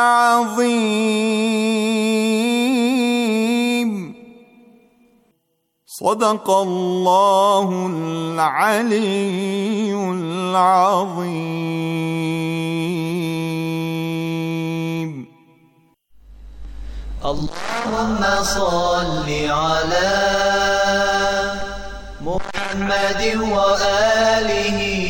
العظيم صدق الله العلي العظيم اللهم صل على محمد وآله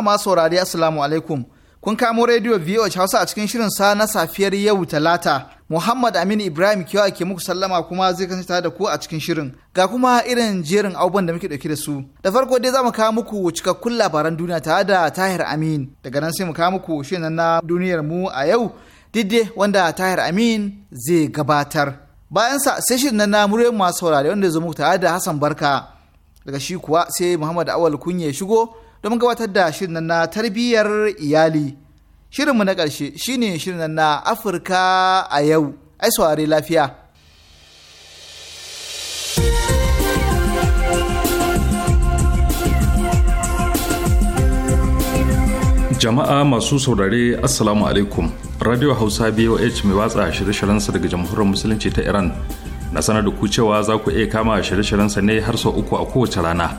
jama'a saurari assalamu alaikum. Kun kamo rediyo VOH Hausa a cikin shirin sa na safiyar yau Talata. Muhammad Aminu Ibrahim Kiyawa ke muku sallama kuma zai kasance tare da ku a cikin shirin. Ga kuma irin jerin abubuwan da muke dauke da su. Da farko dai za mu kawo muku cikakkun labaran duniya tare da Tahir Amin. Daga nan sai mu kawo muku shirin na duniyar mu a yau. Didde wanda Tahir Amin zai gabatar. Bayansa sai shirin na muryar masu saurari wanda ya zo muku tare da Hassan Barka. Daga shi kuwa sai Muhammad Awal Kunya ya shigo Don gabatar da shirin na tarbiyyar iyali. Shirinmu na ƙarshe shine shirin na Afirka a yau, ai lafiya. Jama'a masu saurare Assalamu alaikum. Radio Hausa BOH mai watsa shirye shiryen sa daga Jamhuriyar Musulunci ta Iran na sanar da ku cewa za ku iya kama shirye shiryen sa ne har sau uku a kowace rana.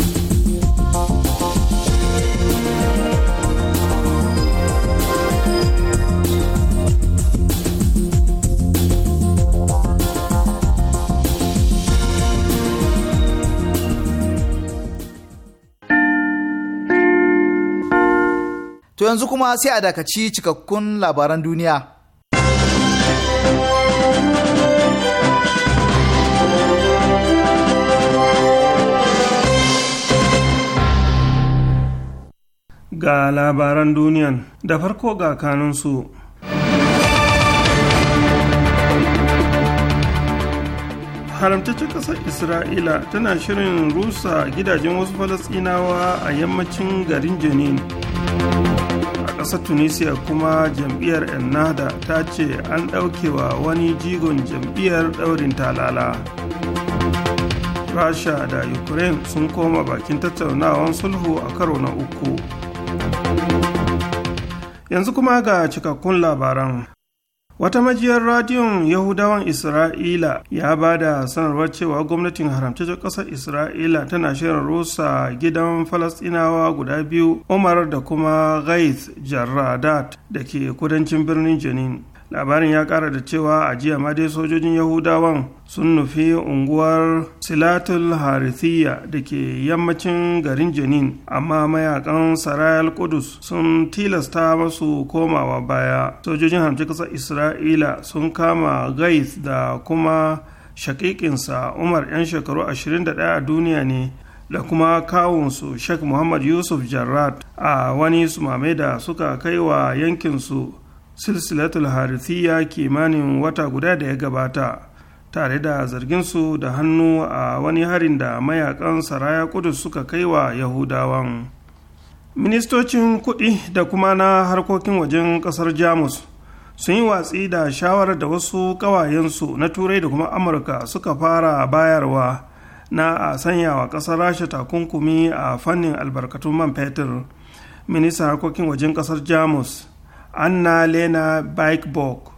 To yanzu kuma sai a dakaci cikakkun labaran duniya. Ga labaran duniyan da farko ga kanunsu. haramtaccen ƙasar isra'ila tana shirin rusa gidajen wasu falasɗinawa a yammacin garin jenin ƙasar tunisia kuma jam'iyyar ennahda ta ce an ɗaukewa wani jigon jam'iyyar ɗaurin talala rasha da ukraine sun koma bakin tattaunawan sulhu a karo na uku yanzu kuma ga cikakkun labaran wata majiyar radiyon yahudawan isra'ila ya ba da sanarwar cewa gwamnatin haramtaccen ƙasar isra'ila tana shirin rusa gidan Falasɗinawa guda biyu umar da kuma Gaith Jaradat da ke kudancin birnin jenin labarin ya kara da cewa a jiya ma dai sojojin yahudawan sun nufi unguwar silatul harithiya da ke yammacin garin jenin amma mayakan sarayal kudus sun tilasta masu komawa baya sojojin hamci kasar isra'ila sun kama gais da kuma shakikinsa umar 'yan shekaru 21 a duniya ne da kuma kawunsu sheikh muhammad yusuf jarrat a wani sumame da suka kai wa yankinsu silsilatul harithiya kimanin wata guda da ya gabata tare da zarginsu da hannu a wani harin da mayakan saraya kudus suka kai wa yahudawan ministocin kuɗi da kuma na harkokin wajen ƙasar jamus sun yi watsi da shawarar da wasu ƙawayensu na turai da kuma amurka suka fara bayarwa na a sanya wa ƙasar rasha takunkumi a fannin albarkatun man fetur ministan harkokin wajen ƙasar jamus anna lena bikebok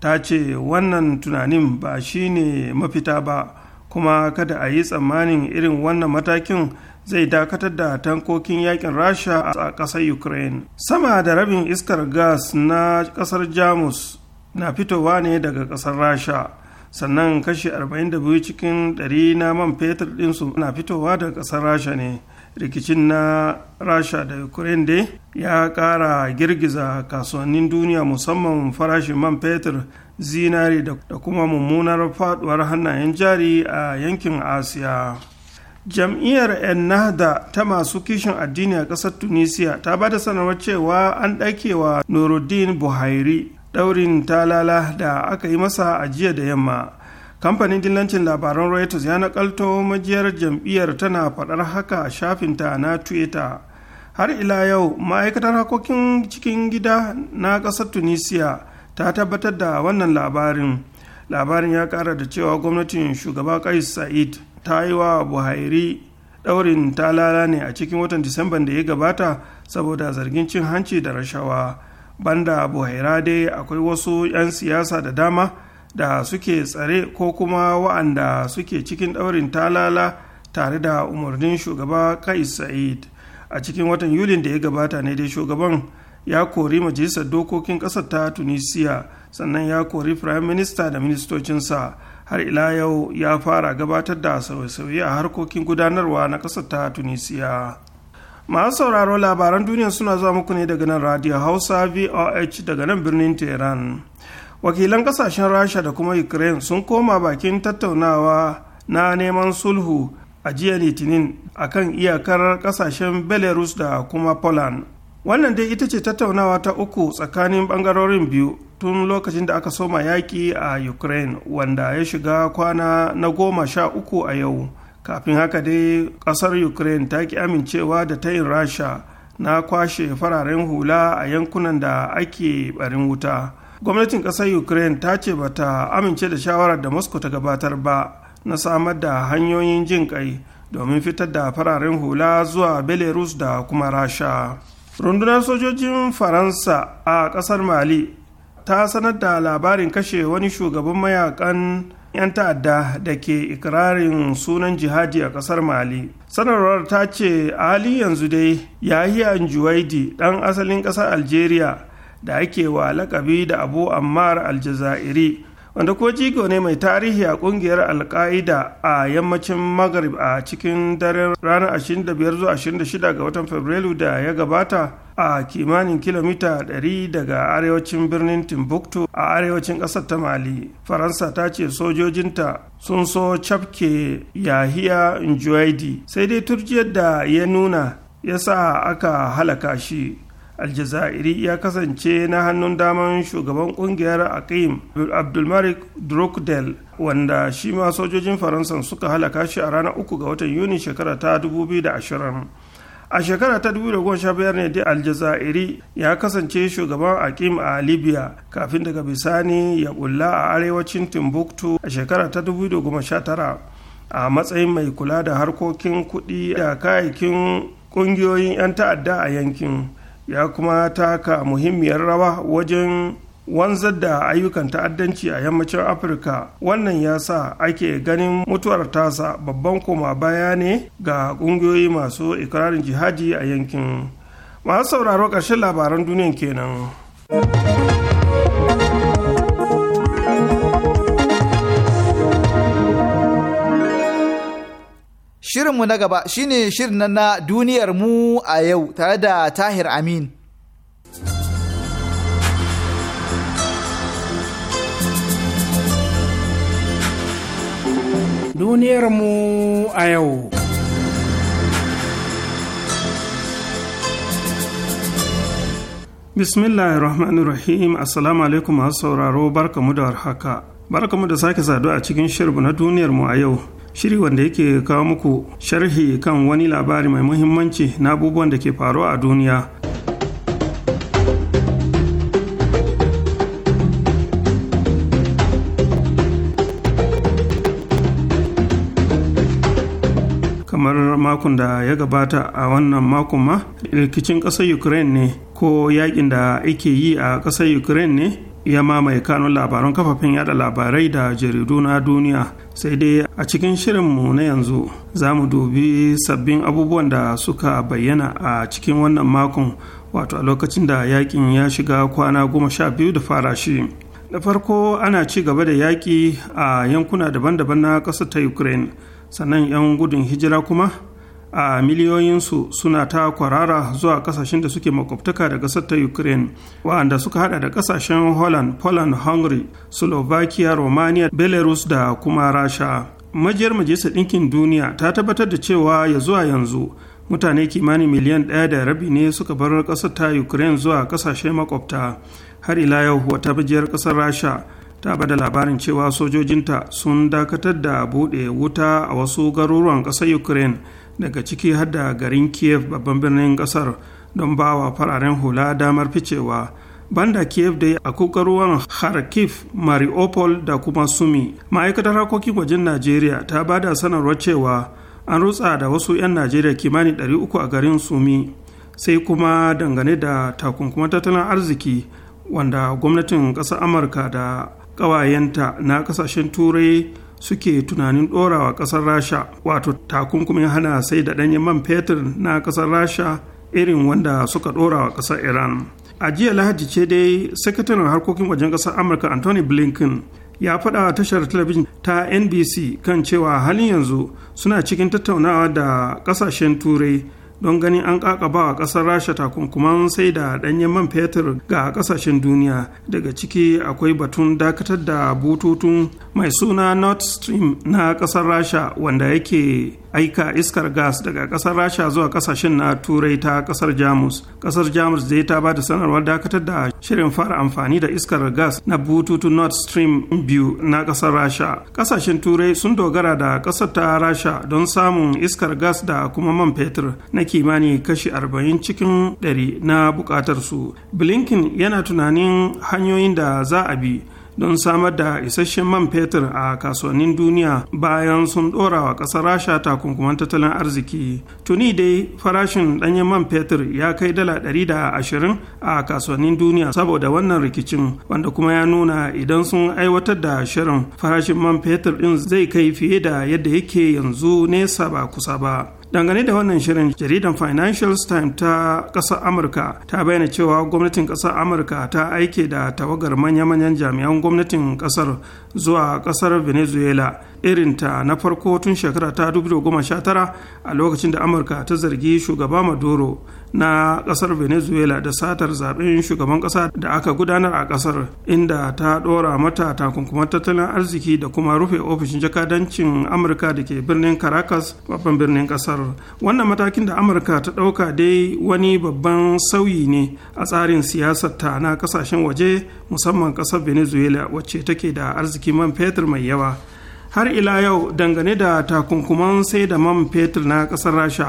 ta ce wannan tunanin ba shi ne mafita ba kuma kada a yi tsammanin irin wannan matakin zai dakatar da tankokin yakin rasha a ƙasar ukraine sama da rabin iskar gas na ƙasar jamus na fitowa ne daga ƙasar rasha sannan kashi 42 cikin 100 na man fetur ɗinsu na fitowa daga ƙasar rasha ne rikicin na rasha da ukraine dai ya kara girgiza kasuwannin duniya musamman farashin man fetur zinari da kuma mummunar faduwar hannayen jari a yankin asiya jam'iyyar ennahda ta masu kishin addini a ƙasar tunisia ta ba da sanarwar cewa an wa Norodin Buhari ɗaurin talala da aka yi masa a jiya da yamma kamfanin dillancin labaran reuters ya nakalto majiyar jam'iyyar tana faɗar haka a shafinta na twitter har ila yau ma'aikatar hakokin cikin gida na ƙasar tunisia ta tabbatar da wannan labarin labarin ya ƙara da cewa gwamnatin shugaba kais sa'id ta yi wa buhari ɗaurin talala ne a cikin watan disamban da ya gabata saboda zargin cin hanci da rashawa banda buhaira dai akwai wasu 'yan siyasa da dama da suke tsare ko kuma wa'anda suke cikin ɗaurin talala tare da umarnin shugaba kais sa'id a cikin watan yulin da ya gabata ne dai shugaban ya kori majalisar dokokin ƙasar ta tunisia sannan ya kori firayim minista da ministocinsa har ila yau ya fara gabatar da sauye-sauye a harkokin gudanarwa na ƙasar ta tunisia masu sauraro labaran duniya suna zuwa muku ne daga nan radio hausa voh daga nan birnin tehran wakilan kasashen rasha da kuma ukraine sun koma bakin tattaunawa na neman sulhu a jiya litinin a kan iyakar kasashen belarus da kuma poland wannan dai ita ce tattaunawa ta uku tsakanin bangarorin biyu tun lokacin da aka soma yaƙi a ukraine wanda ya shiga kwana na goma sha uku a yau kafin haka dai kasar ukraine ta ki amincewa da tayin rasha na kwashe fararen hula a yankunan da ake barin wuta gwamnatin ƙasar ukraine ta ce ba ta amince da shawarar da moscow ta gabatar ba na samar da hanyoyin jin kai domin fitar da fararen hula zuwa belarus da kuma rasha rundunar sojojin faransa a ƙasar mali ta sanar da labarin kashe wani shugaban mayakan 'yan ta'adda da ke ikirarin sunan jihadi a ƙasar mali sanarwar ta ce a halin yanzu dai yahiya juwaidi dan asalin ƙasar algeria da ake wa lakabi da abu ammar aljazairi wanda ko jigo ne mai tarihi a kungiyar alka'ida a yammacin maghrib a cikin daren ranar 25 zuwa 26 ga watan fabrairu da ya gabata a kimanin kilomita 100 daga arewacin birnin timbuktu a arewacin ƙasar ta mali faransa ta ce sojojinta sun so cafke yahiya njuwaidi sai dai turjiyar da ya nuna ya sa aka halaka shi aljazairi ya kasance na hannun daman shugaban kungiyar aqim abdulmarik drukdel wanda shi ma sojojin faransa suka halaka shi a ranar uku ga watan yuni shekara ta 2020 a shekara ta 2015 ne da aljazairi ya kasance shugaban akim a libya kafin daga bisani ya bulla a arewacin timbuktu a shekara ta 2019 a matsayin mai kula da harkokin kudi da kayayyakin kungiyoyin 'yan ta'adda a yankin ya kuma taka muhimmiyar rawa wajen wanzar da ayyukan ta'addanci a yammacin afirka wannan ya sa ake ganin mutuwar tasa babban koma baya ne ga ƙungiyoyi masu ikirarin jihadi a yankin masu sauraro ƙarshen labaran duniyan kenan. Shirinmu na gaba shine shirin na duniyar mu a yau tare da Tahir Amin. Duniyar mu a yau. Bismillahir Rahmanir Rahim Assalamu alaikum masu sauraro barkamu da warhaka. Barkamu da sake saduwa a cikin shirbu na duniyar mu a yau. shiri wanda yake kawo muku sharhi kan wani labari mai muhimmanci na abubuwan da ke faruwa a duniya. kamar makon da ya gabata a wannan makon ma rikicin ƙasar ukraine ne ko yakin da ake yi a ƙasar ukraine ne ya mamaye kanun labaran kafafen yada labarai da jaridu na duniya sai dai a cikin shirinmu na yanzu za mu dubi sabbin abubuwan da suka bayyana a cikin wannan makon wato a lokacin da yakin ya shiga kwana goma sha biyu da fara shi da farko ana ci gaba da yaƙi a yankuna daban-daban na ƙasa ta ukraine sannan 'yan gudun hijira kuma a miliyoyinsu suna ta kwarara zuwa kasashen da suke makwabtaka da ƙasar ta ukraine waɗanda suka hada da ƙasashen holland poland hungary slovakia romania belarus da kuma rasha majiyar majalisar ɗinkin duniya ta tabbatar da cewa ya zuwa yanzu mutane kimanin miliyan ɗaya da rabi ne suka bar ƙasar ta ukraine zuwa ƙasashe makwabta har ila yau wata bajiyar ƙasar rasha ta bada labarin cewa sojojinta sun dakatar da buɗe wuta a wasu garuruwan ƙasar ukraine daga ciki har da garin kiev babban birnin kasar don ba wa fararen hula damar ficewa banda kiev dai a kokarwar kharkiv mariupol da kuma sumi ma'aikatar harkokin wajen najeriya ta ba da sanarwar cewa an rutsa da wasu 'yan najeriya kimanin 300 a garin sumi sai kuma dangane da takunkuman tattalin arziki wanda gwamnatin ƙasar amurka da ƙawayenta na ƙasashen turai suke tunanin ɗorawa ƙasar rasha wato takunkumin hana sai da ɗanyen man fetur na ƙasar rasha irin wanda suka ɗorawa ƙasar iran a jiya lahadi ce dai sakataren harkokin wajen ƙasar amurka anthony blinken ya faɗa tashar talabijin ta nbc kan cewa halin yanzu suna cikin tattaunawa da ƙasashen turai don ganin an ƙaƙabawa a kasar rasha takunkuman sai da ɗanyen man fetur ga ƙasashen duniya daga ciki akwai batun dakatar da bututun mai suna north stream na ƙasar rasha wanda yake aika iskar gas daga kasar rasha zuwa kasashen na turai ta kasar jamus kasar jamus dai ta ba sanarwar dakatar da shirin fara amfani da iskar gas na bututun nord stream biyu na kasar rasha kasashen turai sun dogara da kasar ta rasha don samun iskar gas da kuma man fetur na kimani kashi 40 cikin 100 na bukatar su blinken yana tunanin hanyoyin da za a bi don samar da isasshen man fetur a kasuwannin duniya bayan sun ɗora wa ƙasar rasha takunkuman tattalin arziki tuni dai farashin ɗanyen man fetur ya kai dala ɗari da ashirin a kasuwannin duniya saboda wannan rikicin wanda kuma ya nuna idan sun aiwatar da shirin farashin man fetur ɗin zai kai fiye da yadda yake yanzu nesa ba kusa ba dangane da wannan shirin jaridan financial times ta ƙasar amurka ta bayyana cewa gwamnatin ƙasar amurka ta aike da tawagar manya-manyan jami'an gwamnatin ƙasar zuwa ƙasar venezuela irinta na farko tun shekara ta 2019 a lokacin da amurka ta zargi shugaba maduro na kasar venezuela da satar zaben shugaban kasa da aka gudanar a kasar inda ta dora mata takunkuman tattalin arziki da kuma rufe ofishin jakadancin amurka da ke birnin caracas babban birnin kasar wannan matakin da amurka ta dauka dai wani babban sauyi ne a tsarin siyasar ta na kasashen waje musamman kasar venezuela wacce take da arziki man fetur mai yawa har ila yau dangane da takunkuman sai da man fetur na kasar rasha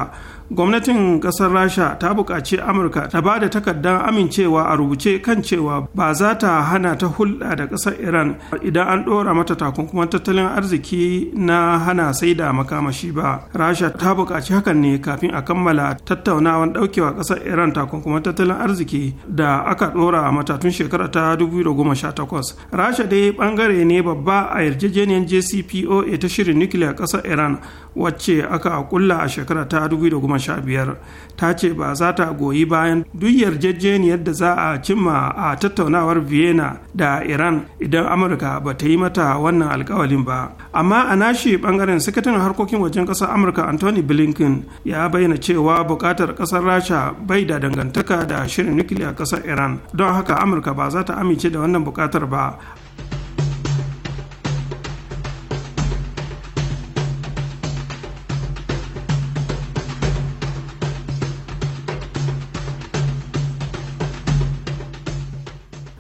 gwamnatin kasar rasha ta buƙaci amurka ta ba da takardar amincewa a rubuce kan cewa ba za ta hana ta hulɗa da ƙasar iran idan an ɗora mata takunkuman tattalin arziki na hana sai da makamashi ba rasha ta buƙaci hakan ne kafin a kammala tattaunawan ɗaukewa ƙasar iran takunkuman tattalin arziki da aka ɗora mata tun shekara ta 2018 rasha dai bangare ne babba a yarjejeniyar jcpoa ta shirin nukiliya ƙasar iran wacce aka kulla a shekara ta 2018 biyar ta ce ba za ta goyi bayan duk yarjejeniyar da za a cimma a tattaunawar vienna da iran idan amurka ba ta yi mata wannan alkawalin ba amma a nashi bangaren sakataren harkokin wajen kasar amurka anthony blinken ya bayyana cewa bukatar kasar rasha bai da dangantaka da shirin nukiliya kasar iran don haka amurka ba za ta amince da wannan bukatar ba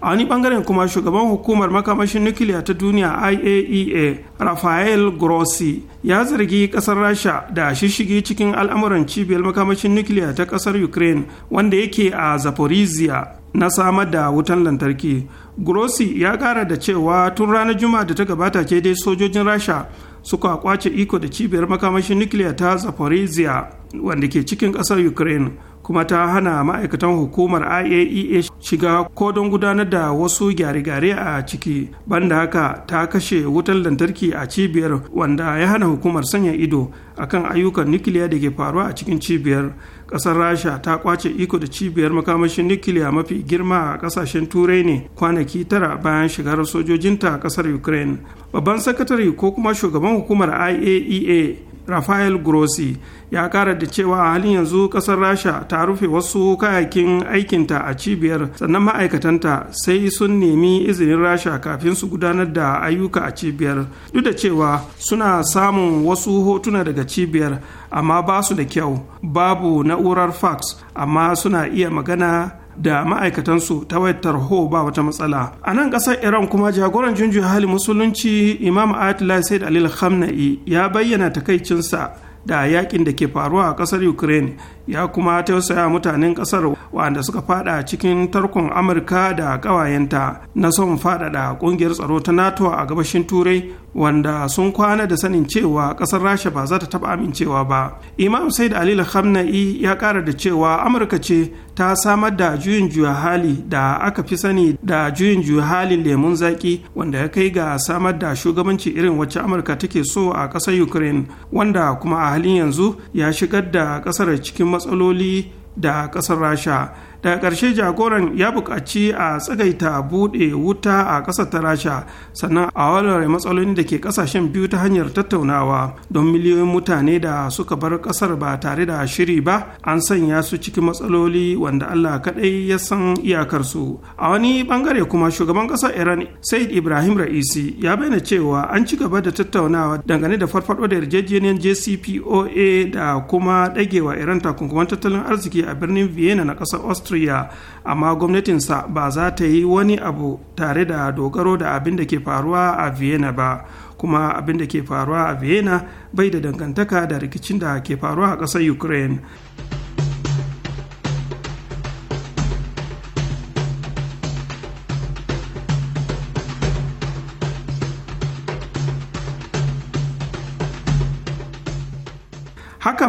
a wani bangaren kuma shugaban hukumar makamashin nukiliya ta duniya iaea e rafael grossi ya zargi kasar rasha da shishigi cikin al'amuran cibiyar makamashin nukiliya ta kasar ukraine wanda yake a zaporizhia na samar da wutan lantarki grossi ya kara da cewa tun ranar juma'a da ta gabata ce dai sojojin rasha suka kwace iko da cibiyar makamashin nukiliya ta zaporizhia wanda ke cikin ƙasar ukraine kuma ta hana ma'aikatan hukumar iaea e shiga ko don gudanar da wasu gyare-gyare a ciki banda haka ta kashe wutar lantarki a cibiyar wanda ya hana hukumar sanya ido akan ayyukan nukiliya da ke faruwa a cikin cibiyar kasar rasha ta kwace iko da cibiyar makamashin nukiliya mafi girma a kasashen turai ne kwanaki tara bayan shigar sojojinta a kasar ukraine babban sakatari ko kuma shugaban hukumar iaea e rafael grossi ya kara da cewa a halin yanzu kasar rasha ta rufe wasu kayakin aikinta a cibiyar sannan ma'aikatanta sai sun nemi izinin rasha kafin su gudanar da ayyuka a cibiyar duk da cewa suna samun wasu hotuna daga cibiyar amma ba su da kyau babu na'urar fax amma suna iya magana da ma'aikatansu ta wayar tarho ba wata matsala a nan ƙasar iran kuma jagoran junjun hali musulunci imam ayatollah said alil khamna'i ya bayyana takaicinsa da yakin da ke faruwa a ƙasar ukraine ya kuma tausaya mutanen kasar wanda suka fada cikin tarkon amurka da ƙawayenta na son faɗaɗa ƙungiyar tsaro ta nato a gabashin turai wanda sun kwana da sanin cewa ƙasar rasha ba za ta taɓa amincewa ba imam said alila khamna'i ya ƙara da cewa amurka ce ta samar da juyin juya hali da aka fi sani da juyin juya halin lemun zaƙi wanda ya kai ga samar da shugabanci irin wacce amurka take so a ƙasar ukraine wanda kuma a halin yanzu ya shigar da ƙasar cikin matsaloli da ƙasar rasha daga ƙarshe jagoran ya buƙaci a tsagaita buɗe wuta a ƙasa ta rasha sannan a walware matsalolin da ke ƙasashen biyu ta hanyar tattaunawa don miliyoyin mutane da suka bar ƙasar ba tare da shiri ba an sanya su cikin matsaloli wanda allah kaɗai ya san iyakarsu a wani ɓangare kuma shugaban ƙasar iran said ibrahim ra'isi ya bayyana cewa an ci gaba da tattaunawa dangane da farfaɗo da yarjejeniyar jcpoa da kuma ɗagewa iran takunkuman tattalin arziki a birnin vienna na ƙasar austria austria amma gwamnatinsa ba za ta yi wani abu tare da dogaro da abin da ke faruwa a vienna ba kuma abin da ke faruwa a vienna bai da dangantaka da rikicin da ke faruwa a ƙasar ukraine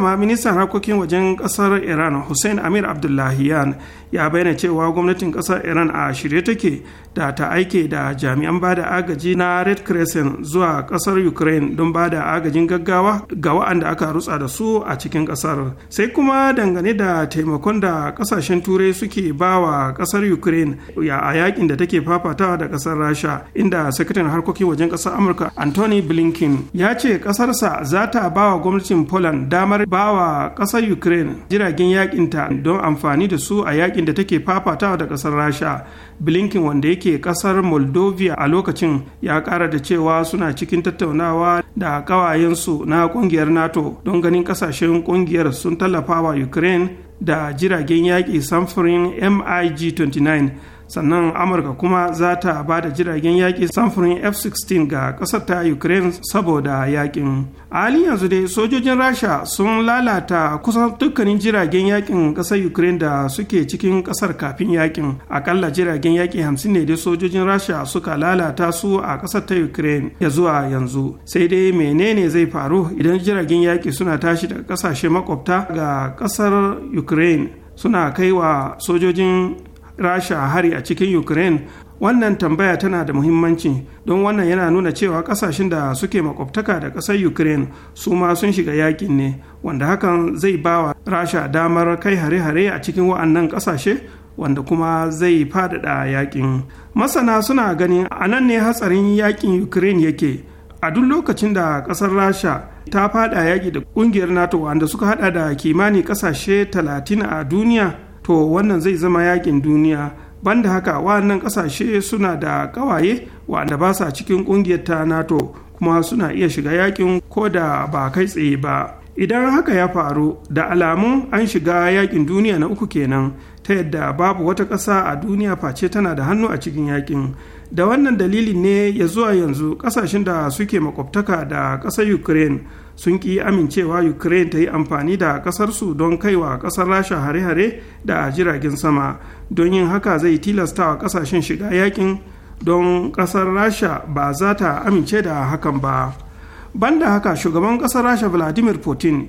ma ministan harkokin wajen kasar iran hussein amir abdullahiyan ya bayyana cewa gwamnatin kasar iran a shirye take da ta aike da jami'an bada agaji na red crescent zuwa kasar ukraine don ba da agajin gaggawa ga wa'anda aka rutsa da su a cikin kasar sai kuma dangane da taimakon da kasashen turai suke ba wa kasar ukraine ya a yakin da take fafatawa da kasar rasha inda sakataren harkokin wajen kasar amurka anthony blinken ya ce kasarsa za ta ba wa gwamnatin poland damar bawa ƙasar ukraine jiragen yakinta don amfani da su a yakin da take fafatawa da ƙasar rasha blinken wanda yake ƙasar moldovia a lokacin ya ƙara da cewa suna cikin tattaunawa da ƙawayensu na ƙungiyar nato don ganin ƙasashen ƙungiyar sun tallafa wa ukraine da jiragen yaƙi samfurin mig 29 sannan amurka kuma za ta ba da jiragen yaƙi samfurin f-16 ga ƙasar ta ukraine saboda yaƙin a halin yanzu dai sojojin rasha sun lalata kusan dukkanin jiragen yaƙin ƙasar ukraine da suke cikin ƙasar kafin yaƙin akalla jiragen yaƙi hamsin ne dai sojojin rasha suka lalata su a ƙasar ta ukraine ya zuwa yanzu sai dai menene zai faru idan jiragen yaƙi suna tashi daga ƙasashe makwabta ga ƙasar ukraine suna kai wa sojojin rasha hari a cikin ukraine wannan tambaya tana da muhimmanci don wannan yana nuna cewa kasashen da suke makwabtaka da ƙasar ukraine su ma sun shiga yakin ne wanda hakan zai bawa rasha damar kai hare-hare a cikin wa'annan ƙasashe wanda kuma zai faɗaɗa yakin masana suna ganin a nan ne hatsarin yakin ukraine yake a duk lokacin da ƙasar rasha ta fada yaƙi da ƙungiyar nato wanda suka hada da kimanin ƙasashe 30 a duniya to wannan zai zama yakin duniya banda haka wannan kasashe suna da kawaye wanda ba sa cikin kungiyar ta nato kuma suna iya shiga yakin ko da ba kai tsaye ba idan haka ya faru da alamun an shiga yakin duniya na uku kenan ta yadda babu wata ƙasa a duniya face tana da hannu a cikin yakin da wannan dalilin ne ya zuwa yanzu ƙasashen da suke makwabtaka da ƙasar ukraine sun ki amincewa ukraine ta yi amfani da ƙasarsu don kaiwa ƙasar rasha hare-hare da jiragen sama don yin haka zai tilastawa ƙasashen shiga yakin don ƙasar rasha ba za ta amince da hakan ba banda haka shugaban ƙasar rasha vladimir putin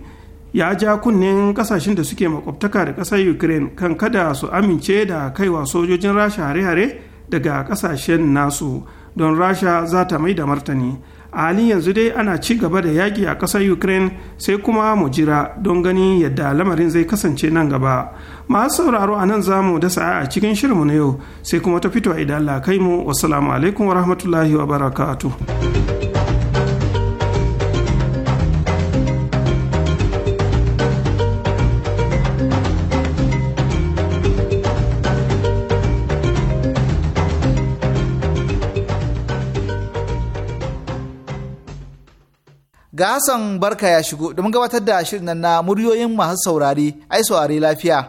ya ja kunnen kasashen da suke makwabtaka da ƙasar ukraine kan kada su amince da kaiwa sojojin rasha hare-hare daga ƙasashen nasu don rasha za ta mai da martani a halin yanzu dai ana ci gaba da yaƙi a ƙasar ukraine sai kuma mu jira don ganin yadda lamarin zai kasance nan gaba masu sauraro a nan zamu da sa'a a cikin shirinmu na yau sai kuma ta fito idan Allah kai mu wasu alaikum wa rahmatullahi wa barakatuh ga Hassan Barka ya shigo domin gabatar da shirin nan na muryoyin masu saurari ai saurari lafiya.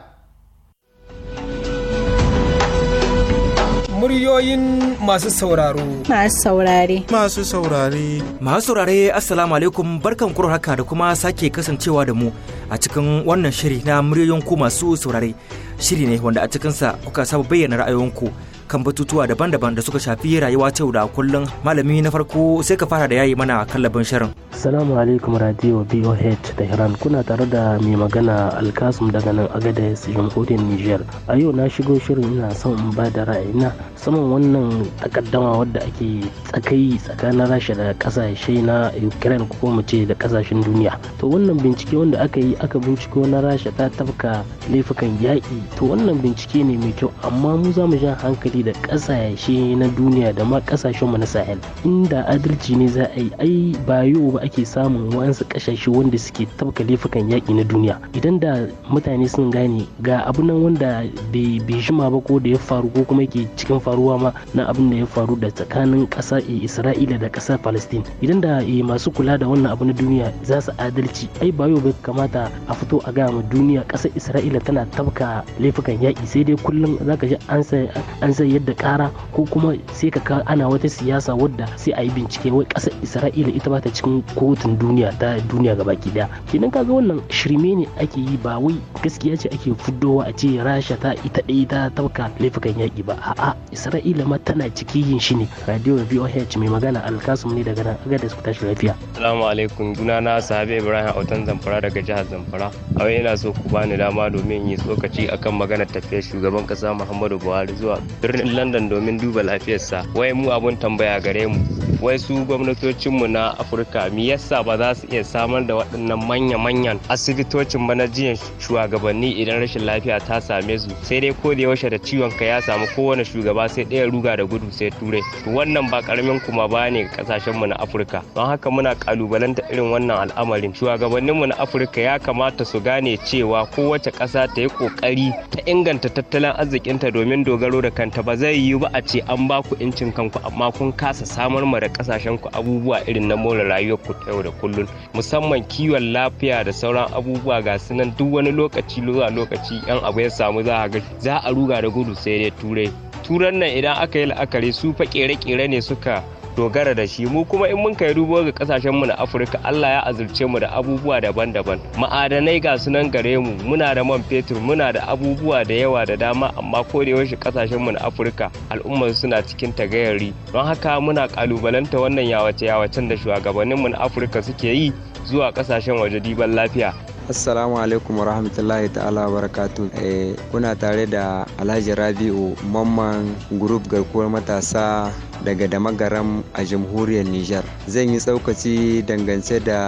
Muryoyin masu sauraro. Masu saurare. Masu saurare. Masu saurare Assalamu alaikum barkan kuro haka da kuma sake kasancewa da mu a cikin wannan shiri na muryoyin ku masu saurare. Shiri ne wanda a cikinsa kuka saba bayyana ra'ayoyinku kan batutuwa daban-daban da suka shafi rayuwa ta da kullum malami na farko sai ka fara da yayi mana kallabin shirin. Assalamu alaikum radio BOH Tehran kuna tare da mai magana Alkasum daga nan Agadez Jamhuriyar Niger. A yau na shigo shirin ina son in ba da ra'ayina saman wannan takaddama wadda ake tsakai tsakanin Rasha da kasashe na Ukraine ko mu ce da kasashen duniya. To wannan bincike wanda aka yi aka binciko na Rasha ta tafka laifukan yaƙi to wannan bincike ne mai kyau amma mu za mu sha hankali da kasashe na duniya da ma kasashen mu na Sahel inda adalci ne za a yi ai ba yau ba ake samun wa'ansu kashashe wanda suke tabka laifukan yaƙi na duniya idan da mutane sun gane ga abu nan wanda bai jima ba ko da ya faru ko kuma yake cikin faruwa ma na abin da ya faru da tsakanin ƙasa eh, isra'ila da ƙasar palestine idan da eh, masu kula da wannan abu na duniya za su adalci ai ba yau bai kamata a fito a gaya ma duniya ƙasar isra'ila tana tabka laifukan yaƙi sai dai kullum za ka ji an sai yadda ƙara ko kuma sai ka ana wata siyasa wadda sai a yi bincike wai ƙasar isra'ila ita ba ta cikin kotun duniya ta duniya gaba baki daya kenan kaga wannan shirme ne ake yi ba wai gaskiya ce ake fuddowa a ce rasha ta ita ɗaya ta tauka laifukan yaƙi ba a'a isra'ila ma tana ciki yin shi ne radio voh mai magana alkasum ne daga nan da su tashi lafiya assalamu alaikum na sahabe ibrahim autan zamfara daga jihar zamfara a wani ina so ku bani dama domin yi tsokaci akan maganar tafiyar shugaban kasa muhammadu buhari zuwa birnin london domin duba lafiyarsa wai mu abun tambaya gare mu Wasu su gwamnatocinmu na afirka mi yasa ba za su iya samar da waɗannan manya-manyan asibitocin ba na jiyan shugabanni idan rashin lafiya ta same su sai dai ko da yaushe da ciwon ka ya samu kowane shugaba sai ɗaya ruga da gudu sai turai? to wannan ba karamin kuma ba ne ƙasashenmu na afirka don haka muna kalubalanta irin wannan al'amarin shugabanninmu na afirka ya kamata su gane cewa kowace ƙasa ta yi ƙoƙari ta inganta tattalin arzikinta domin dogaro da kanta ba zai yiwu ba a ce an ba ku incin kanku amma kun kasa samar mu da kasashen ku abubuwa irin na more rayuwar ku ta yau da kullun musamman kiwon lafiya da sauran abubuwa ga sunan duk wani lokaci zuwa lokaci yan abu ya samu za a ga za a ruga da gudu sai dai turai turan nan idan aka yi la'akari su fa kere-kere ne suka dogara da shi mu kuma in mun kai dubo ga kasashen mu na Afirka Allah ya azurce mu da abubuwa daban-daban ma'adanai ga sunan gare mu muna da man fetur muna da abubuwa da yawa da dama amma ko da yaushe kasashen mu na Afirka al'ummar suna cikin tagayyari don haka muna kalubalanta wannan yawace yawacen da shugabannin mu na Afirka suke yi zuwa kasashen waje diban lafiya assalamu alaikum wa rahmatullahi ta'ala wa barakatu eh, kuna tare da alhaji rabi'u mamman group garkuwar matasa daga damagaram a jamhuriyar Nijar. Zan yi tsaukaci dangance da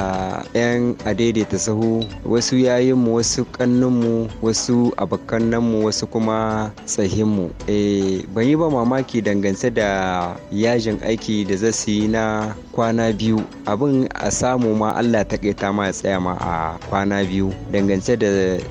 'yan adaidaita sahu wasu yayinmu wasu kannunmu wasu abokannanmu wasu kuma tsahinmu. E, ban yi ba mamaki dangance da yajin aiki da za su na kwana biyu abin a samu ma Allah ta kaita ma ya tsaya ma a kwana biyu dangance da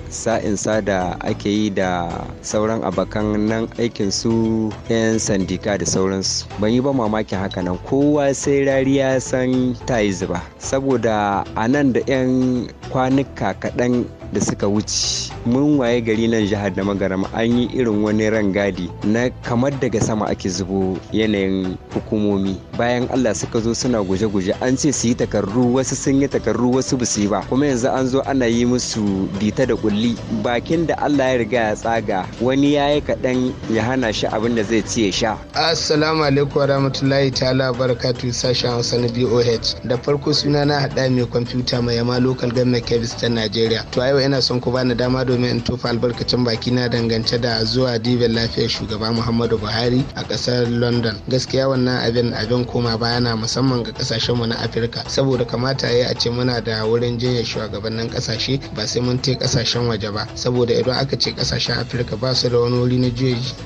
sa'insa da ake yi da sauran abokan nan aikinsu 'yan sandika da sauransu. Ban ban yi ba mamakin haka nan kowa sai rari ya san ta yi zuba saboda a nan da 'yan kwanuka kaɗan da suka wuce mun waye gari nan jihar da magarama an yi irin wani rangadi na kamar daga sama ake zubo yanayin hukumomi bayan allah suka zo suna guje-guje an ce su yi takarru wasu sun yi takarru wasu ba su yi ba kuma yanzu an zo ana yi musu bita da kulli bakin da allah ya riga ya tsaga wani ya yi kaɗan ya hana shi abin da zai ci ya sha assalamu alaikum wa rahmatullahi ta'ala barakatu sashen hausa na boh da farko suna na haɗa mai kwamfuta mai yama local government kebis ta najeriya to a ina son ku bani dama domin in tofa albarkacin baki na dangance da zuwa dibin lafiyar shugaba muhammadu buhari a kasar london gaskiya wannan abin abin koma baya na musamman ga kasashen mu na afirka saboda kamata ya a ce muna da wurin jinyar shugabannin kasashe ba sai mun te kasashen waje ba saboda idan aka ce kasashen afirka ba su da wani wuri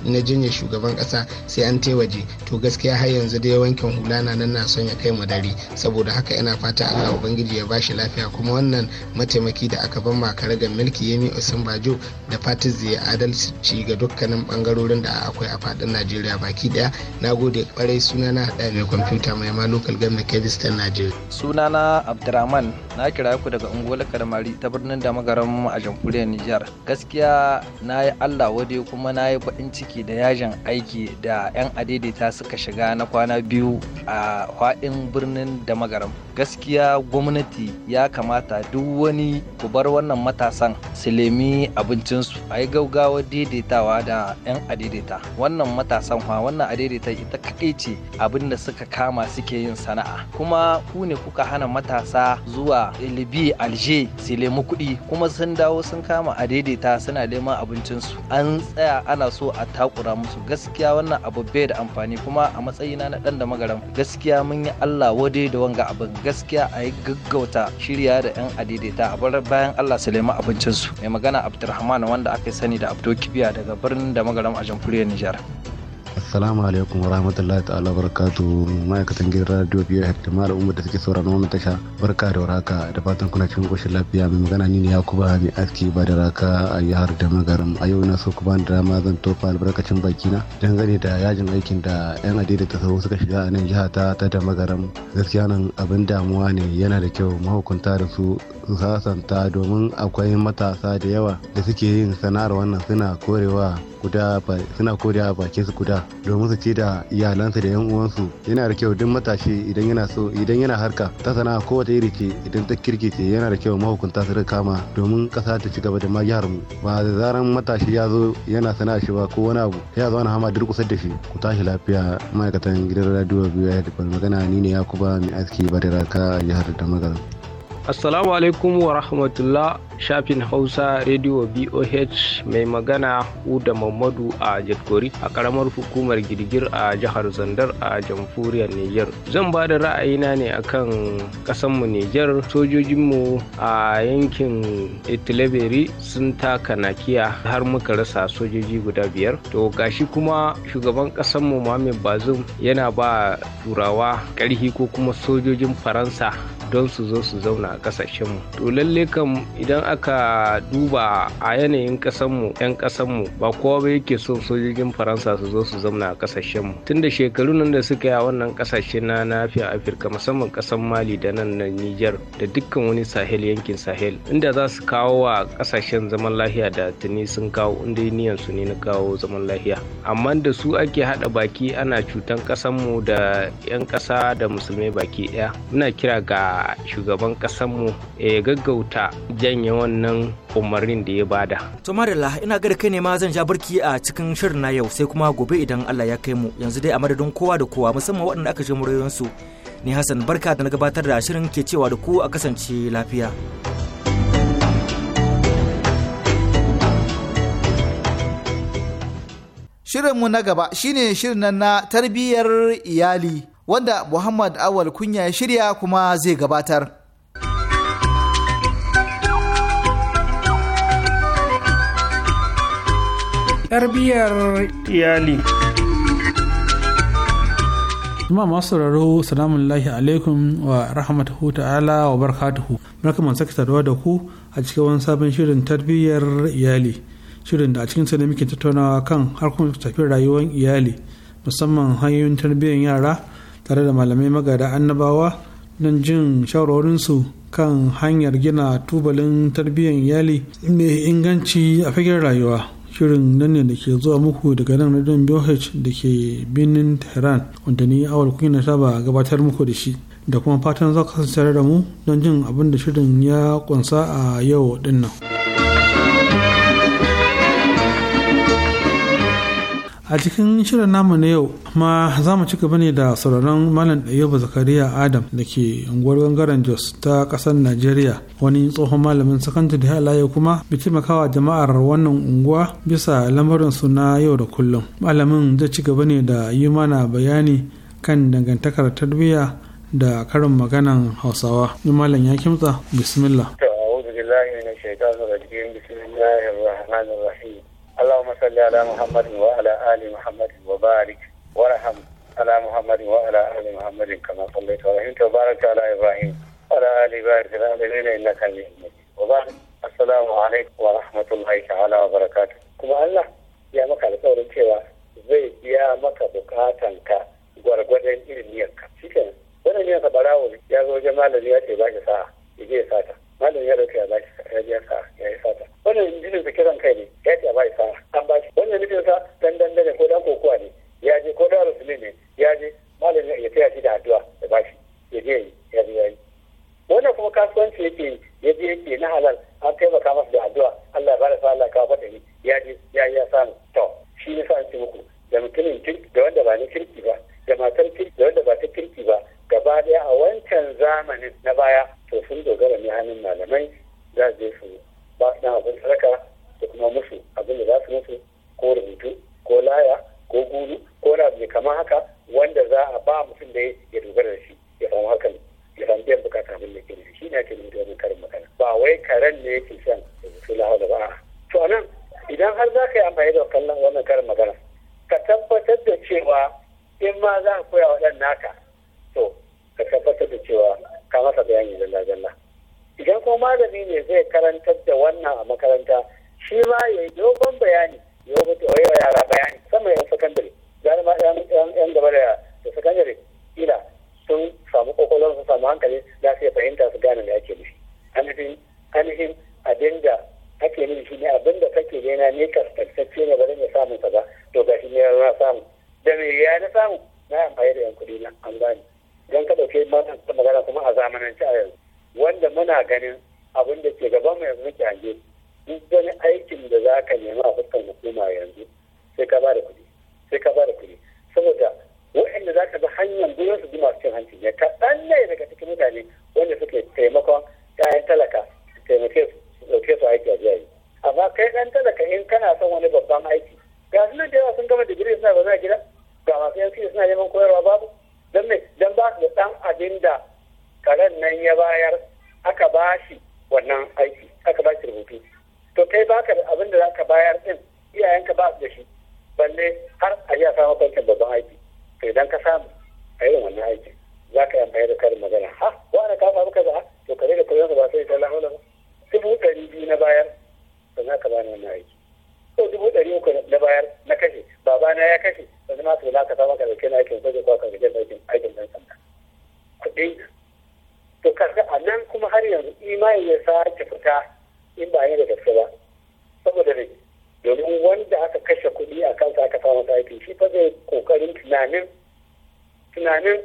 na jinyar shugaban kasa sai an te waje to gaskiya har yanzu dai wankin hula na nan na son ya kai mu dare saboda haka ina fata allah ubangiji ya bashi lafiya kuma wannan mataimaki da aka ban makaragar milki yemi usman bajo da fatan zai adalci ga dukkanin bangarorin da akwai a fadin najeriya baki daya na gode kwarai sunana haɗa mai kwamfuta mai ma local government kebistan najeriya sunana abdurrahman na kira ku daga unguwar karmari ta birnin da magaran a jamhuriyar nijar gaskiya na yi allah wade kuma na yi baɗin ciki da yajin aiki da 'yan adaidaita suka shiga na kwana biyu a faɗin birnin da magaram gaskiya gwamnati ya kamata duk wani ku bar wannan matasan su silemi nemi abincinsu a yi gaugawa daidaitawa da 'yan adaidaita wannan matasan fa wannan adaidaita ita kaɗai ce abin da suka kama suke yin sana'a kuma ku ne kuka hana matasa zuwa ilibi alje su nemi kuɗi kuma sun dawo sun kama adaidaita suna neman abincinsu an tsaya ana so a takura musu gaskiya wannan abu bai da amfani kuma a matsayina na ɗan da magaram gaskiya mun yi allah wade da wanga abin gaskiya a yi gaggauta shirya da 'yan adaidaita a bayan allah su lemu abincinsu mai magana abdulrahman wanda aka sani da abdo kibiya daga birnin da magaram a jamhuriyar nijar assalamu alaikum wa rahmatullahi ta'ala barakatu ma'aikatan gidan radio biyar da malam da suke sauraron wannan tasha barka da warhaka da fatan kuna cikin koshin lafiya mai magana ni ne yakuba mai aski ba da raka a har da magaram a yau na so ku bani dama zan tofa albarkacin baki na. dan dangane da yajin aikin da yan adida ta sauro suka shiga a nan jiha ta ta da magaram gaskiya nan abin damuwa ne yana da kyau mahukunta da su sasanta domin akwai matasa da yawa da suke yin sana'ar wannan suna korewa guda suna koda bakin su guda domin su ci da iyalansu da yan uwansu yana da kyau duk matashi idan yana so idan yana harka ta sana'a wata iri ce idan ta kirki ce yana da kyau mahukunta su rika kama domin kasa ta ci gaba da ma jihar mu ba da zaran matashi ya zo yana sana'a shi ba ko wani abu ya zo ana hama kusa da shi ku tashi lafiya ma'aikatan gidan radio biyu ya magana ni ne ya kuba mai aski ba da raka jihar da magana. Assalamu alaikum wa rahmatullah shafin Hausa Radio BOH mai magana Uda Mamadu a Jakori a karamar hukumar girgir a jihar Zandar a jamhuriyar Niger. Zan ba da ra'ayina ne akan mu Niger sojojinmu a yankin Itileberi sun taka nakiya har muka rasa sojoji guda biyar. To gashi kuma shugaban ƙasanmu Mohamed Bazoum yana ba turawa ƙarhi ko kuma sojojin Faransa don su zo su zauna a ƙasashenmu to lalle kam idan aka duba a yanayin ƙasanmu 'yan ƙasanmu ba kowa ba yake so sojojin faransa su zo su zauna a ƙasashenmu tun da shekaru nan da suka yi a wannan ƙasashe na nafiya afirka musamman ƙasan mali da nan na nijar da dukkan wani sahel yankin sahel inda za su kawo wa ƙasashen zaman lahiya da tuni sun kawo inda niyan su ne na kawo zaman lahiya amma da su ake haɗa baki ana cutan ƙasanmu da 'yan ƙasa da musulmai baki ɗaya muna kira ga shugaban ƙasanmu ya gaggauta janye wannan umarnin da ya bada. To Marilla ina ga da kai ne ma zan ja barki a cikin shirin na yau sai kuma gobe idan Allah ya kai mu yanzu dai a madadin kowa da kowa musamman waɗanda aka je su. ni Hassan barka da na gabatar da shirin ke cewa da ku a kasance lafiya. Shirinmu na gaba shine shirin na tarbiyyar iyali. wanda Muhammad Awal Kunya ya shirya kuma zai gabatar. Tarbiyyar iyali. Jima masu sauraro salamun lahi alaikum wa rahmatuhu ta'ala wa barakatuhu. Barkamu sake saduwa da ku a cikin wani sabon shirin tarbiyyar iyali. Shirin da a cikin sa ne muke tattaunawa kan harkokin tafiyar rayuwar iyali musamman hanyoyin tarbiyyar yara tare da malamai magada annabawa don jin shawarorinsu kan hanyar gina tubalin tarbiyyar iyali mai inganci a fagen rayuwa shirin nan ne da ke zuwa muku daga nan radion BOH da ke binin Tehran wanda ni awal kunya saba gabatar muku da shi da kuma fatan za ku kasance da mu don jin abin da shirin ya kunsa a yau dinnan. a cikin shirin namu na yau ma za mu ci gaba ne da sauraron malam ɗayyaba zakariya adam da ke unguwar gangaren jos ta ƙasar najeriya wani tsohon malamin sakandare. da ya kuma bi taimakawa jama'ar wannan unguwa bisa lamarin su na yau da kullum malamin zai ci gaba ne da yi mana bayani kan dangantakar tarbiyya da karin maganan hausawa Ni malam ya kimtsa bismillah اللهم صل على محمد وعلى ال محمد وبارك ورحم على محمد وعلى ال محمد كما صليت ورحمت وبارك على ابراهيم وعلى آل إبراهيم في العالمين انك حميد مجيد وبارك السلام عليكم ورحمه الله تعالى وبركاته كما الله يا مكة لتورن cewa زي يا maka bukatanka gwargwadon irin شكرا shi kenan wannan يا barawo ya zo wajen malami ya ce ba malam ya rauka ya baki ya biya sa ya yi fata wannan nufin sa kiran kai ne ya ce a bai sa an ba shi wannan nufin sa dan dan ne ko dan kokowa ne ya je ko da rasulun ne ya je malam ya taya shi da addu'a ya ba shi ya je ya biya ya yi wannan kuma kasuwanci yake ya je yake na halal an taimaka masa da addu'a Allah ya bada sa Allah kawo fata ne ya je ya yi ya samu to shi ne sa an ce muku da mutumin kirki da wanda ba na kirki ba da matar kirki da wanda ba ta kirki ba gaba daya a wancan zamanin na baya to sun dogara ne hannun malamai za su je su ba su abin sadaka da kuma musu abin da za su musu ko rubutu ko laya ko gudu ko na abu kama haka wanda za a ba mutum da ya dogara da shi ya samu hakan ya samu biyan bukata abin da ke da shi ne ake nuna wani karin magana ba wai karen ne yake shan su lahaula ba to anan idan har za ka yi amfani da kallon wannan karin magana ka tabbatar da cewa in ma za a koya wa ɗan naka to ka tabbatar da cewa ka masa bayani da lajalla idan kuma magani ne zai karantar da wannan a makaranta shi ma ya yi dogon bayani ya mutu wa yara bayani sama yan sakandare gani ma yan gaba da sakandare ila sun samu kokolon su samu hankali za su iya fahimta su gane me ake nufi ainihin abin da ake nufi shi ne abin da kake gina ne kaskantacce ne ba zan samun sa ba to ga shi ne ya samu da me ya na samu na amfani da yan kuɗi na an don ka ɗauke mana magana kuma a zamanance a yanzu wanda muna ganin abin da ke gaban mu yanzu muke hange duk wani aikin da za ka nema a fuskar hukuma yanzu sai ka ba da kuɗi sai ka ba da kuɗi saboda da za ka bi hanyar gudun su masu cin hanci ne kaɗan ne daga cikin mutane wanda suke taimakon kayan talaka su taimake su ɗauke su aiki a jiya amma kai ɗan talaka in kana son wani babban aiki ga su nan da yawa sun gama digiri suna zaune a gida ga masu yanki suna neman koyarwa babu don me don ba su da ɗan abin da karen nan ya bayar aka ba shi wannan aiki aka ba shi rubutu to kai baka da abin da za ka bayar ɗin iyayenka ba su da shi balle har a yi a samu kwancin babban aiki to idan ka samu a yi wannan aiki za ka yi amfani da karin magana ha wani ka samu kaza to kare da kullum ba sai ta lahola ba dubu ɗari biyu na bayar sannan ka ni wannan aiki ko dubu ɗari uku na bayar na kashe babana ya kashe wani ma su ka zama ka dauke na aikin soja ko ka dauke aikin aikin ɗan sanda kuɗi to kaga a nan kuma har yanzu imani ya sake fita in ba ni da gaske ba saboda ne domin wanda aka kashe kuɗi a kansa aka samu aiki shi fa zai kokarin tunanin tunanin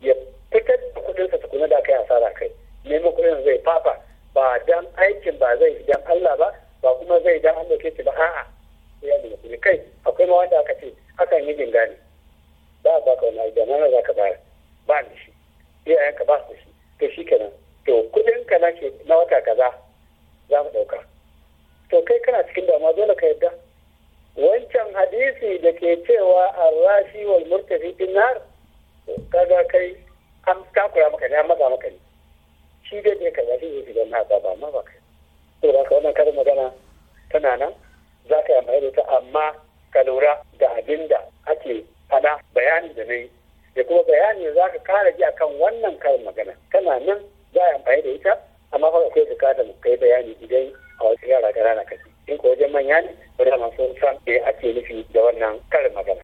ya fitar da kuɗinsa tukuna da aka yi asara kai neman kuɗin zai fafa ba dan aikin ba zai fi dan Allah ba ba kuma zai idan an dauke shi ba a'a sai ya dauke shi kai akwai ma wanda aka ce akan yi dinga gani ba a baka wani ajiya mana za ka ba ba ni shi yanka ba su shi to shi kenan to kudin ka na ke na wata kaza za mu dauka to kai kana cikin damuwa dole ka yadda wancan hadisi da ke cewa arrashi wal murtafi dinar kaga kai an takura maka ne an maza maka ne shi dai dai kaza shi zai shiga na ba ma ba kai saboda haka wannan karin magana tana nan za ka yi amfani da ita amma ka lura da abin da ake fada bayani da na yi da kuma bayani za ka kara ji kan wannan karin magana tana nan za a yi amfani da ita amma fa akwai ka mu kai bayani idan a wasu yara rana kashi in ko wajen manya ne wani wanda sun san me ake nufi da wannan karin magana.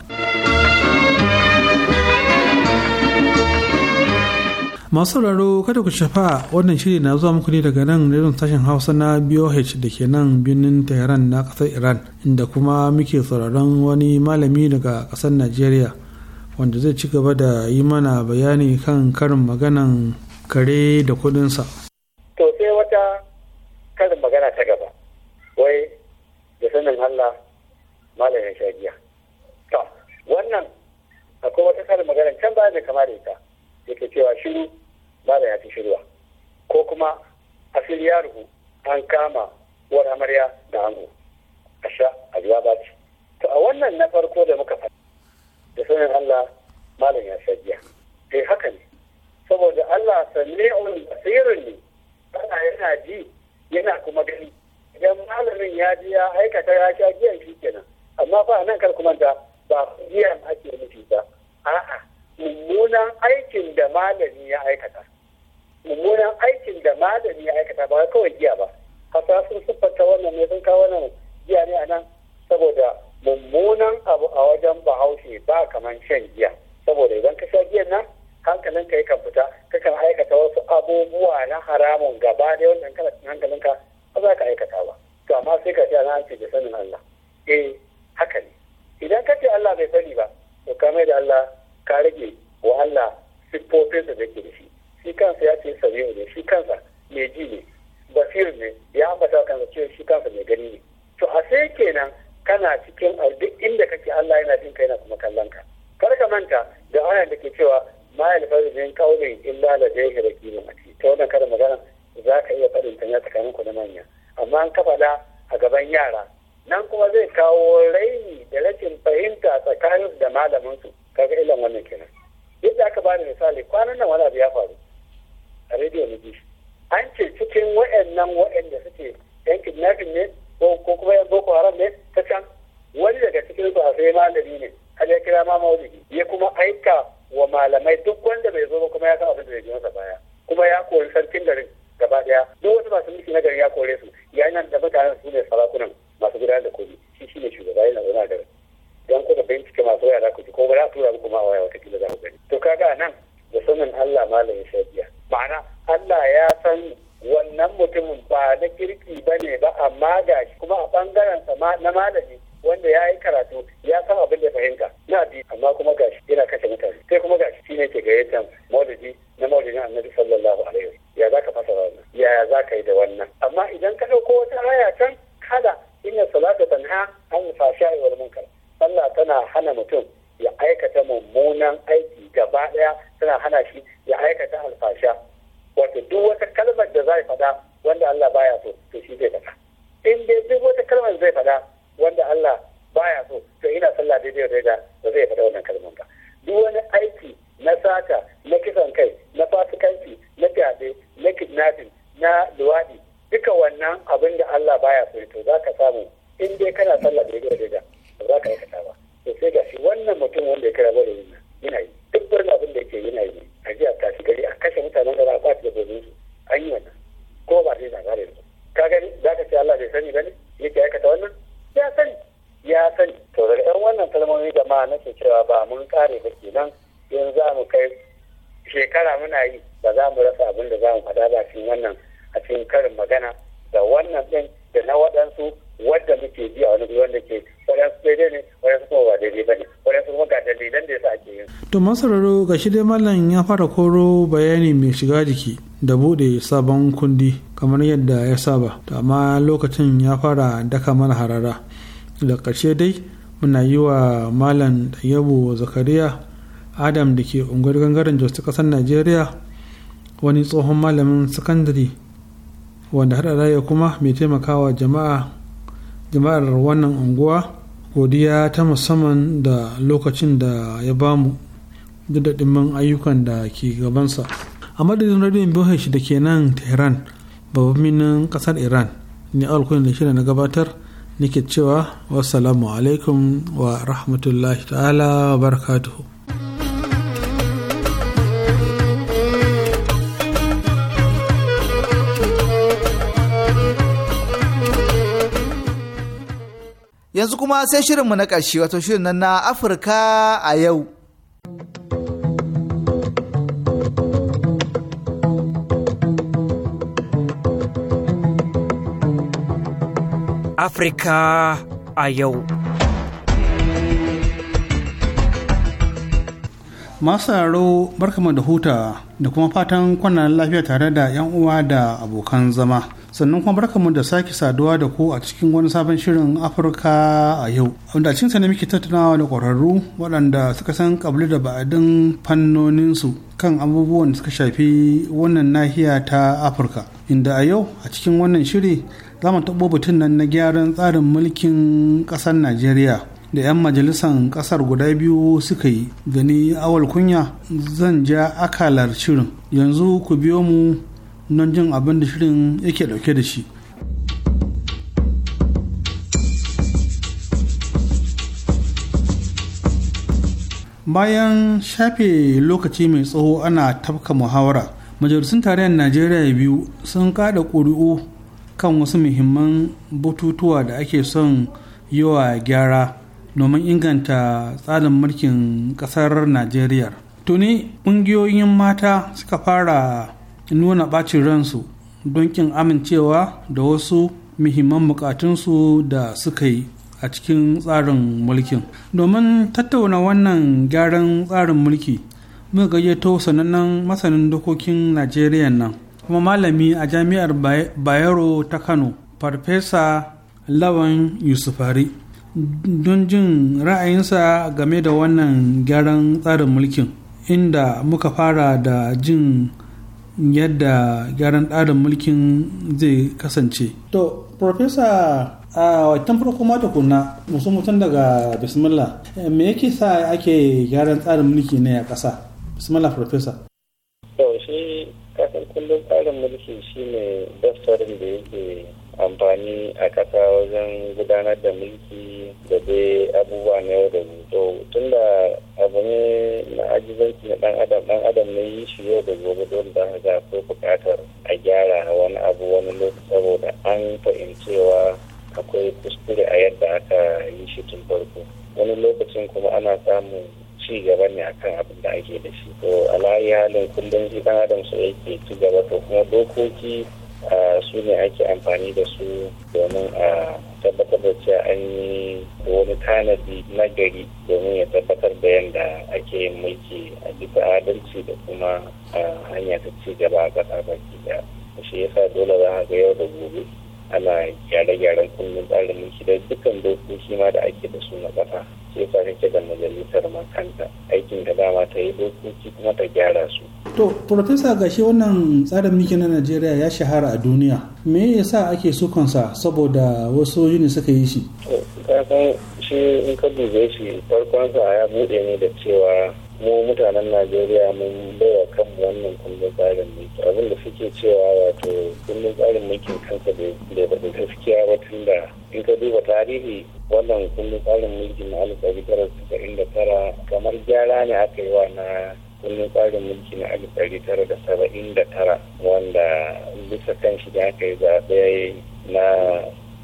masu sauraro kada ku shafa wannan shiri na zuwa muku ne daga nan rerun sashen hausa na boh da ke nan birnin tehran na kasar iran inda kuma muke sauraron wani malami daga kasar nigeria wanda zai ci gaba da yi mana bayani kan karin maganan kare da kudinsa to sai wata karin magana ta gaba wai da sanin allah malamin shagiya to wannan akwai wata karin magana can ba da kama da ita yake cewa shiru baba ya fi shirwa ko kuma asali ya ruhu an kama uwar amarya da ango a sha a ba ci to a wannan na farko da muka faɗi da sanin Allah malam ya sajiya sai eh, haka ne saboda Allah wani basirin ne ana yana ji yana kuma gani idan malamin ya ji ya aikata ya sha giyan shi kenan amma ba nan kar kuma da ba giyan ake nufi ba a'a mummunan aikin da malami ya aikata mummunan aikin da malami ya aikata ba kawai giya ba hasa sun siffanta wannan ne sun kawo wannan giya ne a nan saboda mummunan abu a wajen bahaushe ba kamar shan giya saboda idan ka sha giyan nan hankalinka yakan fita ka kan aikata wasu abubuwa na haramun gaba da wannan kana hankalinka ba za ka aikata ba to amma sai ka ce na an ce da sanin Allah eh haka ne idan ka ce Allah bai sani ba to ka mai da Allah ka rage wahala siffofinsa da ke da shi shi kansa ya ce sabiu ne shi kansa mai ji ne basir ne ya ambata kansa cewa shi kansa mai gani ne to a sai kenan kana cikin duk inda kake Allah yana jin ka yana kuma kallon ka kar ka manta da ayan da ke cewa ma yalfazu min da illa ladayhi raqibun atid ta wannan kada magana za ka iya faɗin ta tsakanin ku da manya amma an kafa da a gaban yara nan kuma zai kawo raini da rashin fahimta tsakanin da malamin su kaga ilan wannan kenan yadda aka bani misali kwanan nan wani abu ya faru a rediyo na biyu an ce cikin wa'annan wa'anda suke yan kidnapping ne ko kuma yan boko haram ne ta can wani daga cikin su a sai malami ne har ya kira ma maulidi ya kuma aika wa malamai duk wanda bai zo ba kuma ya san abin da ya masa baya kuma ya kori sarkin garin gaba daya duk wasu masu mulki na garin ya kore su yayin da mutanen su ne sarakunan masu gudanar da kudi shi shine shugaba yana zama a garin don kuka bincika masu waya za ku ji ko ba za ku tura kuma waya waya kila za ku gani to kaga nan da sanin Allah malam ya ma'ana Allah ya san wannan mutumin ba na kirki ba ne ba amma ga shi kuma a bangaren sa na malami wanda ya yi karatu ya san abin da fahimta na bi amma kuma gashi yana kashe mutane sai kuma gashi shi ne ke gayyatan maulidi na na annabi sallallahu alaihi wa ya za ka fasa wannan yaya ka yi da wannan amma idan ka ɗauko wata aya can kada salatu ta tanha an a yi wani munkar Allah tana hana mutum ya aikata mummunan aiki gaba ɗaya tana hana shi ya aikata alfasha wato duk wata kalmar da zai faɗa wanda Allah baya so to shi zai faɗa in dai duk wata kalmar zai faɗa wanda Allah baya so to ina sallah daidai daida ba zai faɗa wannan kalmar ba duk wani aiki na sata na kisan kai na fasikanci na fyaɗe na kidnapping na luwaɗi duka wannan abin da Allah baya so to za ka samu in dai kana sallah daidai daida ba za ka aikata ba to sai gashi wannan mutum wanda ya kira ba da yana yana yi duk wani abin da yake yana yi a ji a tashi gari a kashe mutanen da za a kwace dabbobin su an yi wannan ko ba zai zaga da yanzu ka gani za ka ce Allah bai sani ba ne yake aikata wannan ya sani ya sani to daga ɗan wannan kalmomi da ma nake cewa ba mun kare ba kenan yanzu za mu kai shekara muna yi ba za mu rasa abin da za mu faɗa ba cikin wannan a cikin karin magana da wannan ɗin da na waɗansu wanda muke ji wani guri wanda ke wadansu daidai ne wadansu kuma ba daidai ba ne wani wadansu kuma ga dalilan da ya sa ake yin. to masararo ga shi dai mallam ya fara koro bayani mai shiga jiki da bude sabon kundi kamar yadda ya saba to amma lokacin ya fara daka mana harara da ƙarshe dai muna yi wa malam yabo zakariya adam da ke unguwar gangaren jos ta ƙasar najeriya wani tsohon malamin sakandare wanda raya kuma mai taimakawa jama'a jama'ar wannan unguwa godiya ta musamman da lokacin da ya bamu duk da ɗimman ayyukan da ke gabansa a madadin radiyon bh da ke nan tehran babban birnin ƙasar iran ne alkunin da shida na gabatar nake cewa salamu alaikum wa rahmatullahi ta'ala wa barakatuhu yanzu kuma sai shirinmu na ƙarshe wato shirin nan na afirka a yau afirka a yau masu barkama da huta da kuma fatan kwanan lafiya tare da 'yan uwa da abokan zama sannan kuma barka barkamu da sake saduwa da ku a cikin wani sabon shirin afirka a yau wanda a cikinsa ne muke tattaunawa da ƙwararru waɗanda suka san ƙabli da ba'adin fannoninsu kan abubuwan da suka shafi wannan nahiya ta afirka inda a yau a cikin wannan shiri za mu taɓo batun nan na gyaran tsarin mulkin ƙasar najeriya da 'yan majalisan ƙasar guda biyu suka yi Gani awal kunya zan ja akalar shirin yanzu ku biyo mu don jin abin da shirin yake dauke da shi bayan shafe lokaci mai tsawo ana tafka muhawara majalisun tarayyar najeriya biyu sun kada ƙuri'u kan wasu muhimman bututuwa da ake son yi wa gyara domin inganta tsarin mulkin ƙasar najeriya tuni ƙungiyoyin mata suka fara nuna ɓacin ransu don ƙin amincewa da wasu muhimman bukatunsu da suka yi a cikin tsarin mulkin domin tattauna wannan gyaran tsarin mulki muka gayyato sanannen masanin dokokin najeriya nan kuma malami a jami'ar bayero ta kano farfesa lawan yusufari don jin ra'ayinsa game da wannan gyaran tsarin mulkin inda muka fara da jin yadda gyaran tsarin mulkin zai kasance to profesa a watan farko mata kuna musu mutum daga bismillah eh, me yake sa ake gyaran tsarin mulki ne a ƙasa bismillah profesa to shi kasan kullum tsarin mulki shi ne daftarin da yake amfani a ƙasa wajen gudanar da mulki da dai abubuwa na yau da gobe tun da abu ne na ajizanci na ɗan adam ɗan adam ne yi shi yau da gobe don da za ko buƙatar a gyara wani abu wani lokaci saboda an fahimcewa akwai kuskure a yadda aka yi shi tun farko wani lokacin kuma ana samun ci gaba ne akan abin da ake da shi to alayi halin kullum shi dan adam su yake ci gaba to kuma dokoki su ne ake amfani da su domin a tabbatar da cewa an yi wani tanadi na gari domin ya tabbatar da yadda ake yin mulki a duka adalci da kuma hanya ta ci gaba a ƙasa baki da shi yasa dole za a ga yau da gobe ana gyare-gyaren kundin tsarin mulki da dukkan dokoki ma da ake da su na ƙasa sai sa kake da majalisar makanta aikin da dama ta yi dokoki kuma ta gyara su. to profesa gashi wannan tsarin mulki na najeriya ya shahara a duniya me yasa ake sukansa saboda wasu ne suka yi shi. to kasan shi in ka dube shi farkon farkonsa ya buɗe ne da cewa mu mutanen najeriya mun baiwa kan wannan kundin tsarin mulki abin da suke cewa wato kundin tsarin mulkin kansa bai bada gaskiya ba tun da in ka duba tarihi wannan kundin tsarin mulki na alif ɗari tara saba'in da tara kamar gyara ne aka yi wa na kundin tsarin mulki na alif ɗari tara da saba'in da tara wanda bisa kan shi da aka yi zaɓe na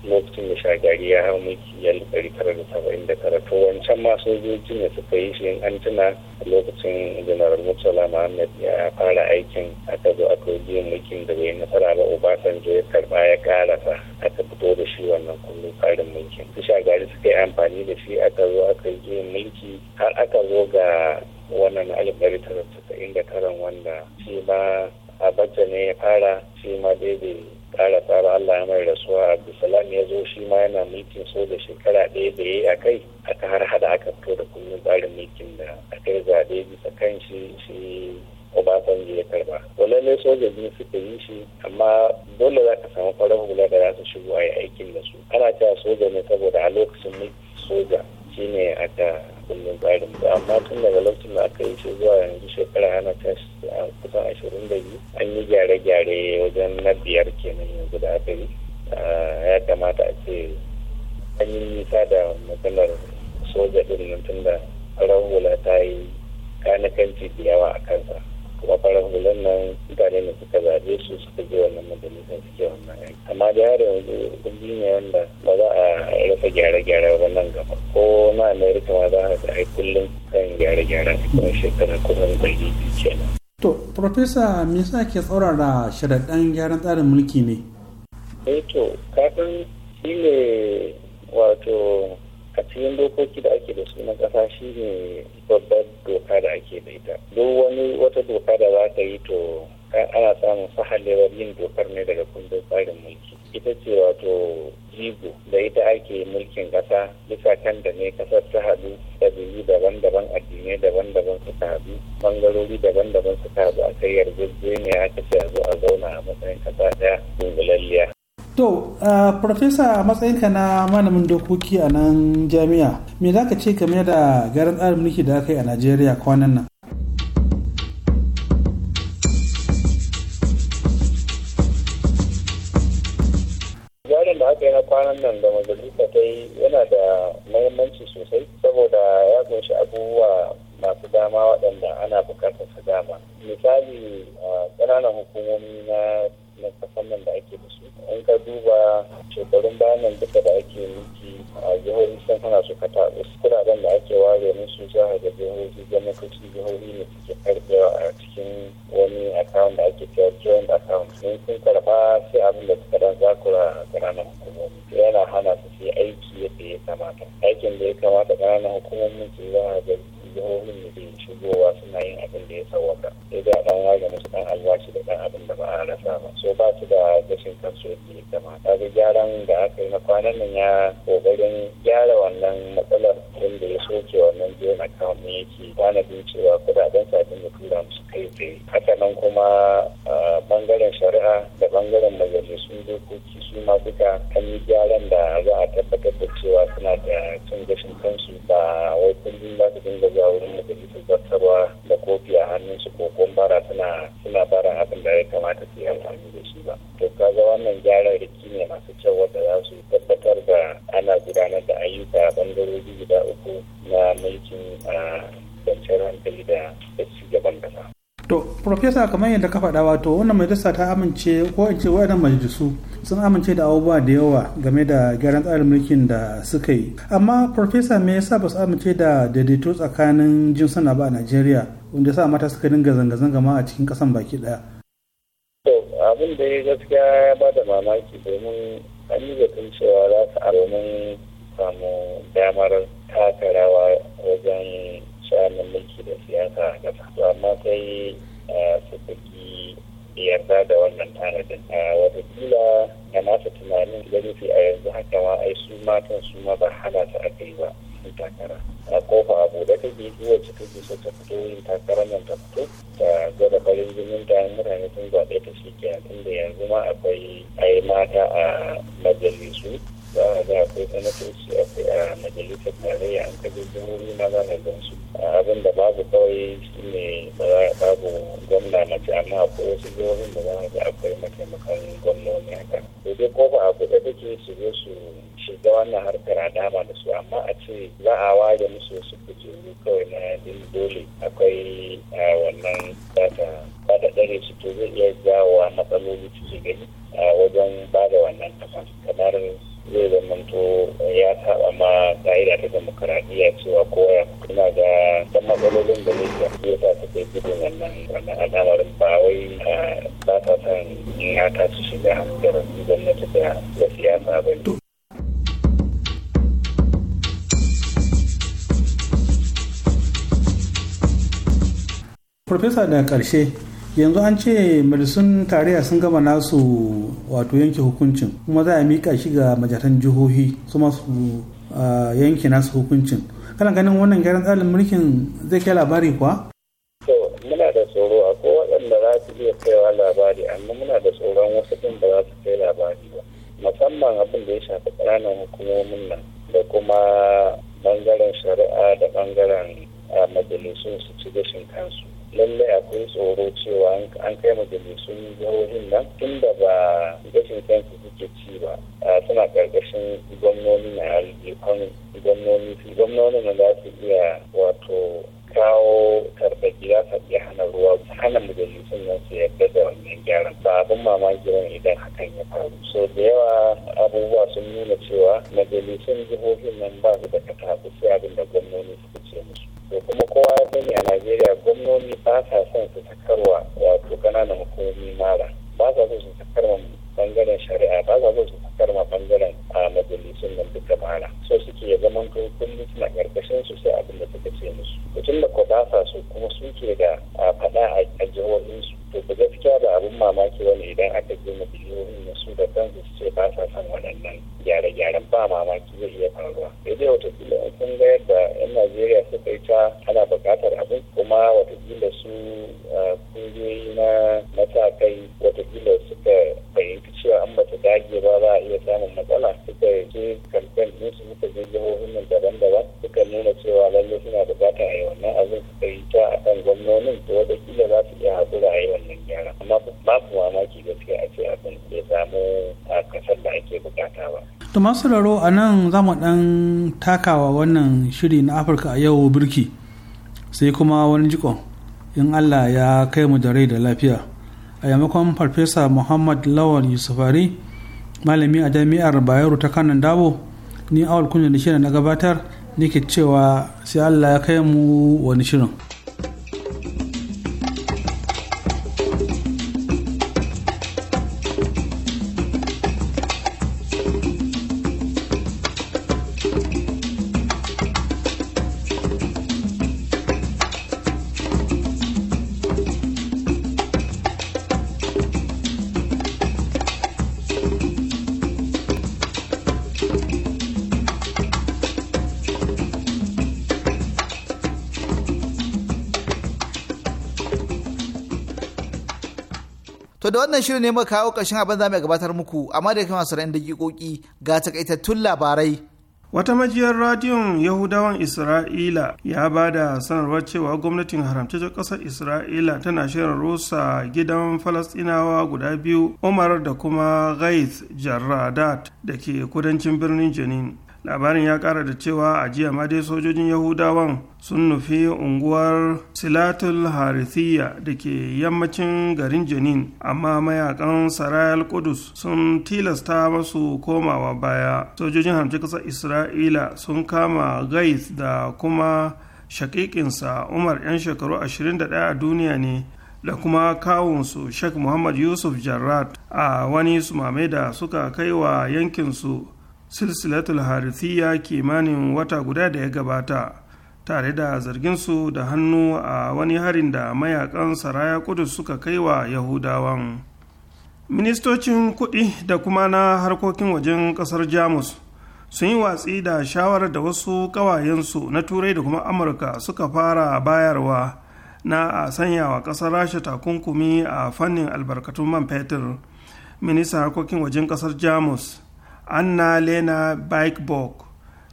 lokacin da shagari ya hau mulki ya ɗari tara da saba'in da tara to wancan ma sojojin ne suka yi shi an tuna lokacin general murtala muhammad ya fara aikin aka zo aka yi mulkin da bai nasara ba obasanjo ya karba ya karasa aka fito da shi wannan kullum karin mulkin su shagari suka yi amfani da shi aka zo aka yi mulki har aka zo ga wannan alif ɗari tara da tara wanda shi ma abacha ne ya fara shi ma daidai kara tsara Allah ya mai rasuwa Abdulsalam ya zo shi ma yana mulkin so da shekara ɗaya da yayi a kai aka har hada aka fito da kullum tsarin mulkin da aka yi zaɓe bisa kan shi shi Obasanjo ya karba. Walalai soja biyu suka yi shi amma dole za ka samu farar hula da za su shigo a yi aikin da su. Ana cewa soja ne saboda a lokacin mulkin soja shine aka kundin tsarin ba amma tun daga lokacin da aka yi shi zuwa yanzu shekara ana ta kusan ashirin da biyu an yi gyare-gyare wajen na biyar kenan yanzu da aka yi ya kamata a ce an yi nisa da matsalar soja ɗin nan tun da rahula ta yi kanakanci da yawa a kansa kuma farar hular nan mutane ne suka zaɓe su suka je wannan majalisar suke wannan yanki amma da yare yanzu kundi ne wanda ba za a rasa gyare-gyare ba nan gaba ko na amerika ma za a ga ai kullum kan gyare-gyare kuma shekara kusan ɗari biyu kenan. to profesa me yasa ke tsaurara sharaɗan gyaran tsarin mulki ne. eh to kafin shi ne wato a cikin dokoki da ake da su na ƙasa shi ne babbar doka da ake da ita duk wani wata doka da za ta yi to ana samun sahalewar yin dokar ne daga kundin tsarin mulki ita ce wato jigo da ita ake mulkin ƙasa bisa kan da ne ƙasar ta haɗu biyu daban-daban addinai daban-daban suka haɗu bangarori daban-daban suka haɗu a kai yarjejeniya aka ce a zo a zauna a matsayin ƙasa ɗaya dungulalliya to profesa a matsayinka na malamin dokoki a nan jami'a me za ka ce game da garin tsarin mulki da aka yi a najeriya kwanan nan da aka yi na kwanan nan da majalisa ta yi yana da mahimmanci sosai saboda ya kunshi abubuwa masu dama waɗanda ana bukatar su dama misali ƙananan hukumomi na na kasan da ake da su in ka duba shekarun bayanan duka da ake miki a jihohi sun hana su kata kuraren da ake ware musu jiha da ga jihohi gwamnatocin jihohi ne suke karbewa a cikin wani account da ake cewa joint account in sun karba sai abin da suka dan zakura ƙananan hukumomi yana hana su su aiki yadda ya kamata aikin da ya kamata ƙananan hukumomin su za a ga jihohin da ke shigowa suna yin abin da ya sawaka sai da dan waga musu dan albashi da dan abin da ba a rasa ba so ba su da gashin kansu yake kama kaga gyaran da aka yi na kwanan nan ya kokarin gyara wannan matsalar da ya soke wannan biyan account ne yake tanadin cewa kudaden sabin da tura musu kai tsaye haka nan kuma bangaren shari'a da bangaren majalisun dokoki su ma duka an yi gyaran da za a tabbatar da cewa suna da cin gashin kansu ba wai kundin ba su dinga zuwa wurin majalisar zartarwa da kofi a hannunsu ko kumbara suna suna fara abin da ya kamata su yi amfani da shi ba to kaga wannan riki ne masu kyau wadda za su tabbatar da ana gudanar da ayyuka a bangarori guda uku na mulkin ah, kwanciyar hankali da ci gaban kasa to profesa kamar yadda ka faɗa wato wannan majalisa ta amince ko in ce majalisu sun amince da abubuwa da yawa game da gyaran tsarin mulkin da suka yi amma profesa me yasa ba su amince da daidaito tsakanin jinsuna ba a najeriya wanda sa mata suka dinga zanga-zanga ma a cikin ƙasan baki ɗaya. to abin da ya gaskiya ya ba da mamaki domin an yi zaton cewa za su aromin samu damar takarawa wajen tsarin mulki da siyasa a ƙasa amma sai eh, da ki yarda da wannan tanadin a watakila da masu tunanin gwamnati a yanzu haka ma ai su matan su ma ba hana su aka yi ba sun takara a kofa da ta biyu wacce cikin so ta fito yin takarar nan ta fito ta gwada farin jinin da mutane sun zaɓe ta shi kenan tunda yanzu ma akwai ai mata a majalisu za a ga akwai sanatoci akwai a majalisar tarayya an kaje jihohi na za a gansu. abin da babu kawai shi ne babu gwamna mace amma akwai wasu jihohin da za a ga akwai mataimakan gwamnoni haka to dai ko ba a buɗe take su zo su shiga wannan harkar a dama da su amma a ce za a ware musu wasu kujeru kawai na din dole akwai wannan data ba da ɗare su to zai iya jawo matsaloli cikin a wajen bada da wannan kamar zai zamanto ya saba ma ka'ida ta demokaradiyya cewa kowa ya kuma ga dan matsalolin da zai shafi ya sa kai gudu nan wannan wannan al'amarin ba wai ba ta son mata su shiga hankalar gwamnati da siyasa ba ne. Farfesa da ƙarshe yanzu an ce majalisun tarayya sun gama nasu wato yanke hukuncin kuma za a mika shi ga majatan jihohi su masu yanke nasu hukuncin kana ganin wannan gyaran tsarin mulkin zai kai labari kuwa muna da tsoro a ko waɗanda za su iya kaiwa labari amma muna da tsoron wasu ɗin ba za su kai labari ba musamman abin da ya shafi ƙananan hukumomin nan da kuma ɓangaren shari'a da ɓangaren majalisun su ci gashin kansu lallai akwai tsoro cewa an kai majalisun jihohin nan tun ba gashin kansu suke ci ba suna karkashin gwamnoni na aljihun gwamnoni su gwamnoni na za su iya wato kawo tarbaci za su iya hana ruwa hana majalisun nan su yarda da wannan gyaran ba abin mamaki ba idan hakan ya faru so da yawa abubuwa sun nuna cewa majalisun jihohin nan ba su da katabu sai abin da gwamnoni su ce musu da kuma kowa ya sani a najeriya gwamnoni ba sa son su sakarwa wato ƙananan hukumomi mara ba sa son su takarwa bangaren shari'a ba sa son su kar ma bangaren a majalisun nan duka bara so suke ya zaman to kullum suna karkashin su sai abin da suka ce musu mutum da ko ba sa so kuma suke da faɗa a jihohin su to da gaskiya ba abin mamaki wani idan aka je ma jihohin na su da kansu su ce ba sa son waɗannan gyare-gyaren ba mamaki zai iya faruwa sai dai watakila in kun ga yadda yan najeriya suka yi ta ana buƙatar abin kuma watakila su kungiyoyi na matakai watakila suka fahimci cewa an bata dage ba za iya samun matsala suka je kamfen ne su muka je jihohin nan daban-daban suka nuna cewa lalle suna bukata a yi wannan abin suka yi ta a kan gwamnonin to watakila za su iya haƙura a yi wannan gyara amma babu mamaki gaskiya a ce abin bai samu a kasar da ake bukata ba. to masu raro a nan za mu ɗan takawa wannan shiri na afirka a yau birki sai kuma wani jikon in allah ya kai mu da rai da lafiya a yamakon farfesa muhammad lawan yusufari malami a jami'ar bayero ta kanan dabo ni awal kunya da shirin na gabatar nake cewa sai allah ya kai mu wani shirin wannan shirin ne muka kawo ƙarshen abin za gabatar muku amma da kuma sauran dakikoki ga takaitattun labarai. Wata majiyar radiyon Yahudawan Isra'ila ya ba da sanarwar cewa gwamnatin ta ƙasar Isra'ila tana shirin rusa gidan Falasɗinawa guda biyu Umar da kuma gaith jaradat da ke kudancin birnin Jenin. labarin ya kara da cewa a jiya ma dai sojojin yahudawan sun nufi unguwar silatul harithiya da ke yammacin garin jenin amma mayakan sarayal kudus sun tilasta masu komawa baya sojojin hamci kasar isra'ila sun kama gais da kuma shakikinsa umar 'yan shekaru 21 a duniya ne da kuma kawunsu sheikh muhammad yusuf jarrat a wani sumame da suka kai wa yankinsu silsilatul harithiya kimanin wata guda da ya gabata tare da zarginsu da hannu a wani harin da mayakan saraya kudus suka kai wa yahudawan ministocin kuɗi da kuma na harkokin wajen ƙasar jamus sun yi watsi da shawarar da wasu ƙawayensu na turai da kuma amurka suka fara bayarwa na a sanya wa ƙasar rasha takunkumi a fannin albarkatun man fetur ministan harkokin wajen ƙasar jamus anna lena bikebok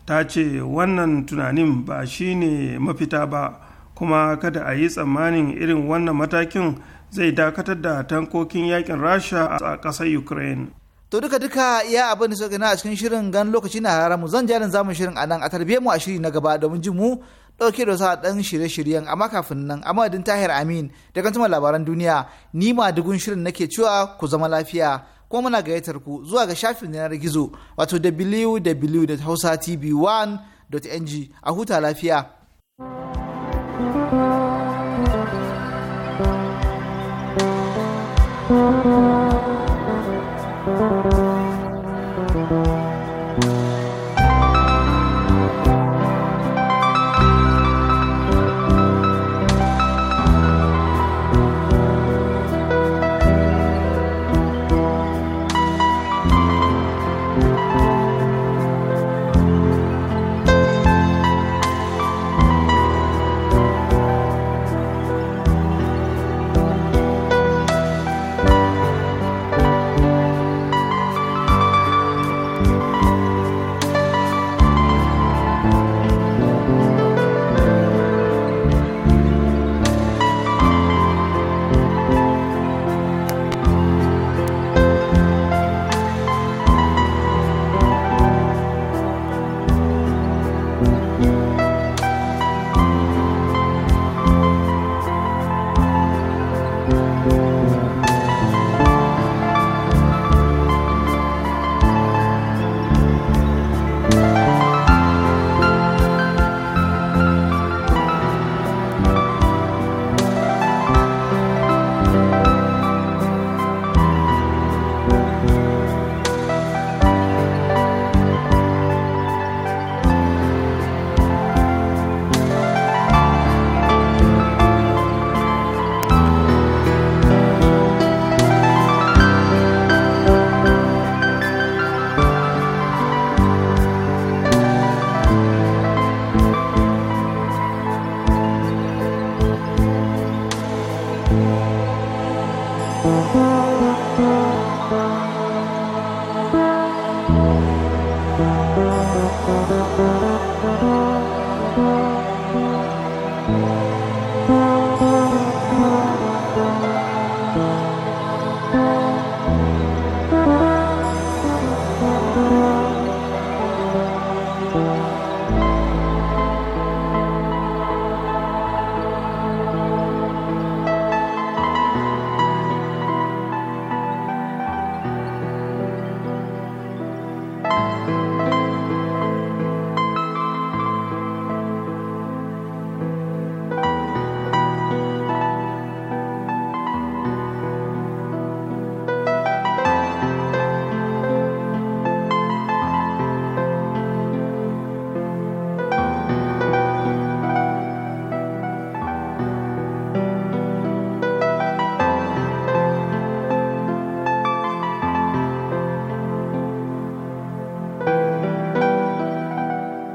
ta ce wannan tunanin ba shi ne mafita ba kuma kada a yi tsammanin irin wannan matakin zai dakatar da tankokin yakin rasha a ƙasar ukraine to duka duka ya abin da suka a cikin shirin gan lokaci na mu zan jarin zamu shirin a nan a tarbiyyar mu a shiri na gaba domin jin mu dauke da sa ɗan shirye-shiryen amma kafin nan amma madadin tahir amin da kan labaran duniya ni ma dugun shirin nake cewa ku zama lafiya ko muna gayyatar ku zuwa ga shafin yanar gizo wato www.hausatv1.ng a huta lafiya. thank you